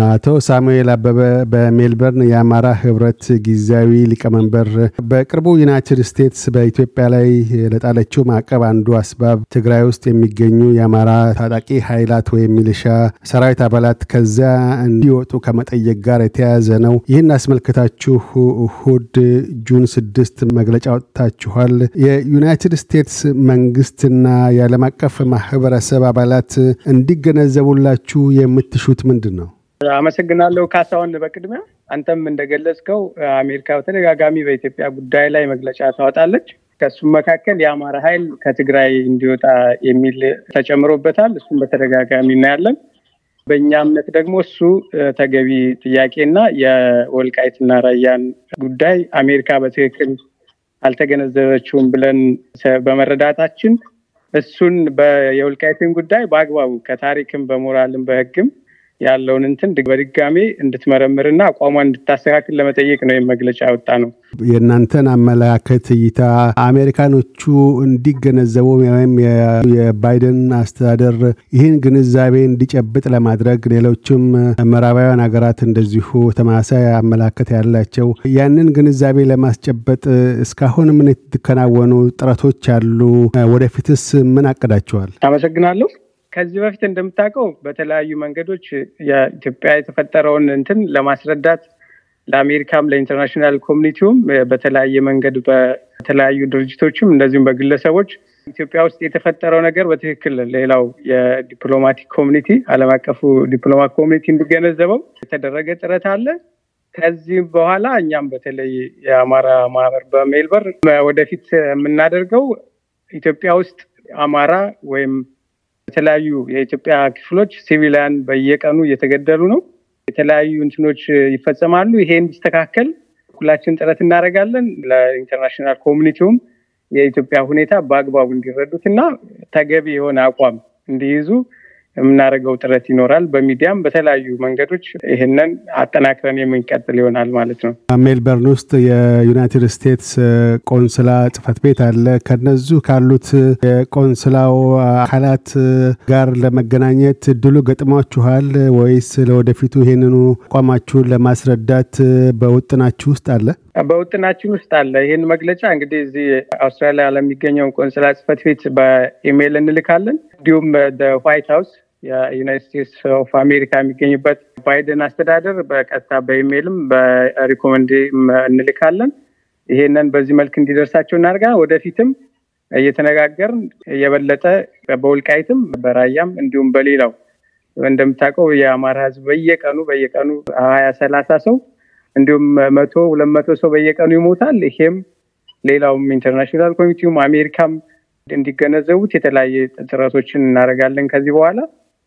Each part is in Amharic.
አቶ ሳሙኤል አበበ በሜልበርን የአማራ ህብረት ጊዜያዊ ሊቀመንበር፣ በቅርቡ ዩናይትድ ስቴትስ በኢትዮጵያ ላይ ለጣለችው ማዕቀብ አንዱ አስባብ ትግራይ ውስጥ የሚገኙ የአማራ ታጣቂ ኃይላት ወይም ሚሊሻ ሰራዊት አባላት ከዚያ እንዲወጡ ከመጠየቅ ጋር የተያያዘ ነው። ይህን አስመልክታችሁ እሁድ ጁን ስድስት መግለጫ ወጥታችኋል። የዩናይትድ ስቴትስ መንግስትና የዓለም አቀፍ ማህበረሰብ አባላት እንዲገነዘቡላችሁ የምትሹት ምንድን ነው? አመሰግናለሁ ካሳሁን። በቅድሚያ አንተም እንደገለጽከው አሜሪካ በተደጋጋሚ በኢትዮጵያ ጉዳይ ላይ መግለጫ ታወጣለች። ከእሱም መካከል የአማራ ኃይል ከትግራይ እንዲወጣ የሚል ተጨምሮበታል። እሱም በተደጋጋሚ እናያለን። በእኛ እምነት ደግሞ እሱ ተገቢ ጥያቄና የወልቃይትና ራያን ጉዳይ አሜሪካ በትክክል አልተገነዘበችውም ብለን በመረዳታችን እሱን የወልቃይትን ጉዳይ በአግባቡ ከታሪክም በሞራልም በህግም ያለውን እንትን በድጋሚ እንድትመረምርና አቋሟን እንድታስተካክል ለመጠየቅ ነው መግለጫ ያወጣ ነው። የእናንተን አመለካከት እይታ አሜሪካኖቹ እንዲገነዘቡ ወይም የባይደን አስተዳደር ይህን ግንዛቤ እንዲጨብጥ ለማድረግ ሌሎችም ምዕራባውያን ሀገራት እንደዚሁ ተመሳሳይ አመለካከት ያላቸው ያንን ግንዛቤ ለማስጨበጥ እስካሁን ምን የተከናወኑ ጥረቶች አሉ? ወደፊትስ ምን አቅዳቸዋል? አመሰግናለሁ። ከዚህ በፊት እንደምታውቀው በተለያዩ መንገዶች የኢትዮጵያ የተፈጠረውን እንትን ለማስረዳት ለአሜሪካም ለኢንተርናሽናል ኮሚኒቲውም በተለያየ መንገድ በተለያዩ ድርጅቶችም እንደዚሁም በግለሰቦች ኢትዮጵያ ውስጥ የተፈጠረው ነገር በትክክል ሌላው የዲፕሎማቲክ ኮሚኒቲ አለም አቀፉ ዲፕሎማት ኮሚኒቲ እንዲገነዘበው የተደረገ ጥረት አለ። ከዚህም በኋላ እኛም በተለይ የአማራ ማህበር በሜልበር ወደፊት የምናደርገው ኢትዮጵያ ውስጥ አማራ ወይም የተለያዩ የኢትዮጵያ ክፍሎች ሲቪሊያን በየቀኑ እየተገደሉ ነው። የተለያዩ እንትኖች ይፈጸማሉ። ይሄ እንዲስተካከል ሁላችን ጥረት እናደርጋለን። ለኢንተርናሽናል ኮሚኒቲውም የኢትዮጵያ ሁኔታ በአግባቡ እንዲረዱት እና ተገቢ የሆነ አቋም እንዲይዙ የምናደርገው ጥረት ይኖራል። በሚዲያም በተለያዩ መንገዶች ይህንን አጠናክረን የምንቀጥል ይሆናል ማለት ነው። ሜልበርን ውስጥ የዩናይትድ ስቴትስ ቆንስላ ጽፈት ቤት አለ። ከነዙ ካሉት የቆንስላው አካላት ጋር ለመገናኘት እድሉ ገጥሟችኋል ወይስ ለወደፊቱ ይህንኑ አቋማችሁን ለማስረዳት በውጥናችሁ ውስጥ አለ? በውጥናችን ውስጥ አለ። ይህን መግለጫ እንግዲህ እዚህ አውስትራሊያ ለሚገኘው ቆንስላ ጽፈት ቤት በኢሜይል እንልካለን። እንዲሁም በዋይት ሀውስ የዩናይት ስቴትስ ኦፍ አሜሪካ የሚገኝበት ባይደን አስተዳደር በቀጥታ በኢሜይልም በሪኮመንድ እንልካለን። ይሄንን በዚህ መልክ እንዲደርሳቸው እናርጋ ወደፊትም እየተነጋገርን የበለጠ በውልቃይትም በራያም እንዲሁም በሌላው እንደምታውቀው የአማራ ህዝብ በየቀኑ በየቀኑ ሀያ ሰላሳ ሰው እንዲሁም መቶ ሁለት መቶ ሰው በየቀኑ ይሞታል። ይሄም ሌላውም ኢንተርናሽናል ኮሚኒቲውም አሜሪካም እንዲገነዘቡት የተለያየ ጥረቶችን እናደርጋለን። ከዚህ በኋላ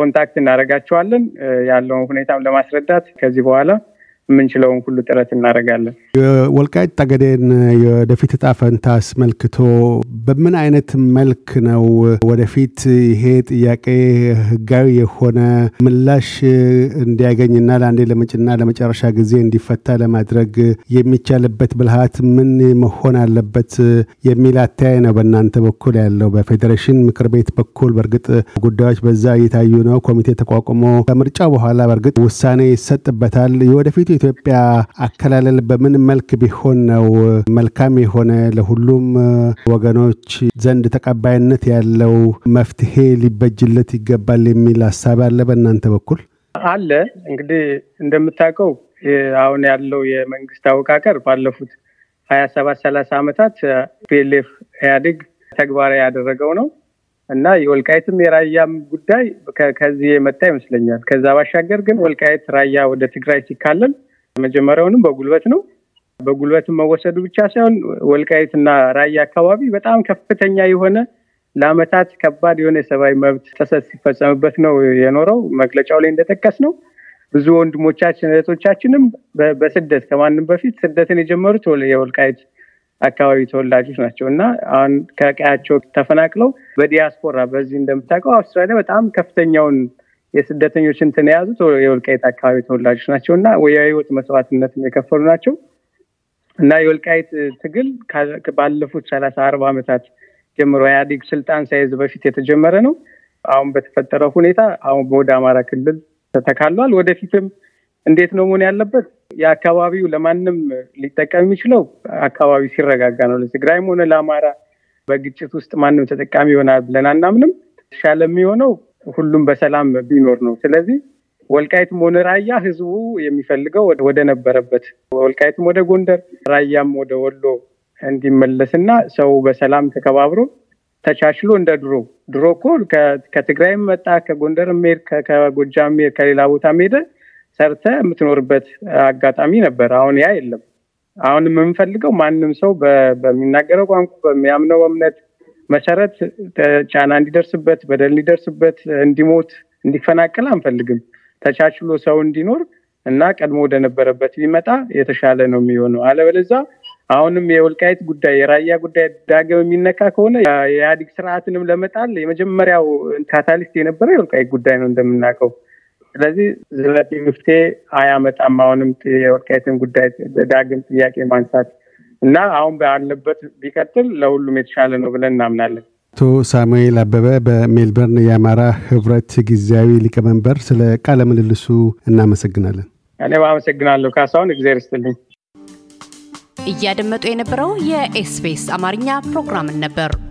ኮንታክት እናደርጋቸዋለን። ያለውን ሁኔታም ለማስረዳት ከዚህ በኋላ የምንችለውን ሁሉ ጥረት እናደርጋለን። የወልቃይት ጠገዴን የወደፊት እጣ ፈንታ አስመልክቶ በምን አይነት መልክ ነው ወደፊት ይሄ ጥያቄ ህጋዊ የሆነ ምላሽ እንዲያገኝና ለአንዴ ለመጭና ለመጨረሻ ጊዜ እንዲፈታ ለማድረግ የሚቻልበት ብልሃት ምን መሆን አለበት የሚል አተያይ ነው በእናንተ በኩል ያለው። በፌዴሬሽን ምክር ቤት በኩል በእርግጥ ጉዳዮች በዛ እየታዩ ነው። ኮሚቴ ተቋቁሞ ከምርጫው በኋላ በእርግጥ ውሳኔ ይሰጥበታል። የወደፊቱ የኢትዮጵያ አከላለል በምን መልክ ቢሆን ነው መልካም የሆነ ለሁሉም ወገኖች ዘንድ ተቀባይነት ያለው መፍትሄ ሊበጅለት ይገባል የሚል ሀሳብ አለ በእናንተ በኩል? አለ እንግዲህ እንደምታውቀው አሁን ያለው የመንግስት አወቃቀር ባለፉት ሀያ ሰባት ሰላሳ ዓመታት ፒልፍ ኢህአዴግ ተግባራዊ ያደረገው ነው እና የወልቃየትም የራያም ጉዳይ ከዚህ የመጣ ይመስለኛል። ከዛ ባሻገር ግን ወልቃይት ራያ ወደ ትግራይ ሲካለል መጀመሪያውንም በጉልበት ነው። በጉልበት መወሰዱ ብቻ ሳይሆን ወልቃይትና ራያ አካባቢ በጣም ከፍተኛ የሆነ ለአመታት ከባድ የሆነ የሰብአዊ መብት ጥሰት ሲፈጸምበት ነው የኖረው። መግለጫው ላይ እንደጠቀስ ነው ብዙ ወንድሞቻችን እህቶቻችንም በስደት ከማንም በፊት ስደትን የጀመሩት የወልቃይት አካባቢ ተወላጆች ናቸው እና አሁን ከቀያቸው ተፈናቅለው በዲያስፖራ በዚህ እንደምታውቀው አውስትራሊያ በጣም ከፍተኛውን የስደተኞች እንትን የያዙት የወልቃይት አካባቢ ተወላጆች ናቸው እና የህይወት መስዋዕትነት የከፈሉ ናቸው እና የወልቃይት ትግል ባለፉት ሰላሳ አርባ ዓመታት ጀምሮ ኢህአዴግ ስልጣን ሳይዝ በፊት የተጀመረ ነው። አሁን በተፈጠረው ሁኔታ አሁን ወደ አማራ ክልል ተካሏል። ወደፊትም እንዴት ነው መሆን ያለበት? የአካባቢው ለማንም ሊጠቀም የሚችለው አካባቢ ሲረጋጋ ነው። ለትግራይም ሆነ ለአማራ በግጭት ውስጥ ማንም ተጠቃሚ ይሆናል ብለን አናምንም። የተሻለ የሚሆነው ሁሉም በሰላም ቢኖር ነው። ስለዚህ ወልቃይትም ሆነ ራያ ህዝቡ የሚፈልገው ወደ ነበረበት ወልቃይትም ወደ ጎንደር፣ ራያም ወደ ወሎ እንዲመለስና ሰው በሰላም ተከባብሮ ተቻችሎ እንደ ድሮ ድሮ እኮ ከትግራይም መጣ ከጎንደር ሄድ ከጎጃም ሄድ ከሌላ ቦታ ሄደ ሰርተ የምትኖርበት አጋጣሚ ነበር። አሁን ያ የለም። አሁን የምንፈልገው ማንም ሰው በሚናገረው ቋንቋ በሚያምነው እምነት መሰረት ጫና እንዲደርስበት፣ በደል እንዲደርስበት፣ እንዲሞት፣ እንዲፈናቀል አንፈልግም። ተቻችሎ ሰው እንዲኖር እና ቀድሞ ወደነበረበት ቢመጣ የተሻለ ነው የሚሆነው። አለበለዛ አሁንም የወልቃይት ጉዳይ የራያ ጉዳይ ዳግም የሚነካ ከሆነ የኢህአዲግ ስርዓትንም ለመጣል የመጀመሪያው ካታሊስት የነበረው የወልቃይት ጉዳይ ነው እንደምናውቀው። ስለዚህ ዘላቂ መፍትሄ አያመጣም። አሁንም የወልቃይትን ጉዳይ ዳግም ጥያቄ ማንሳት እና አሁን ባለበት ቢቀጥል ለሁሉም የተሻለ ነው ብለን እናምናለን። አቶ ሳሙኤል አበበ በሜልበርን የአማራ ህብረት ጊዜያዊ ሊቀመንበር፣ ስለ ቃለ ምልልሱ እናመሰግናለን። እኔም አመሰግናለሁ ካሳሁን፣ እግዚአብሔር ይስጥልኝ። እያደመጡ የነበረው የኤስቢኤስ አማርኛ ፕሮግራምን ነበር።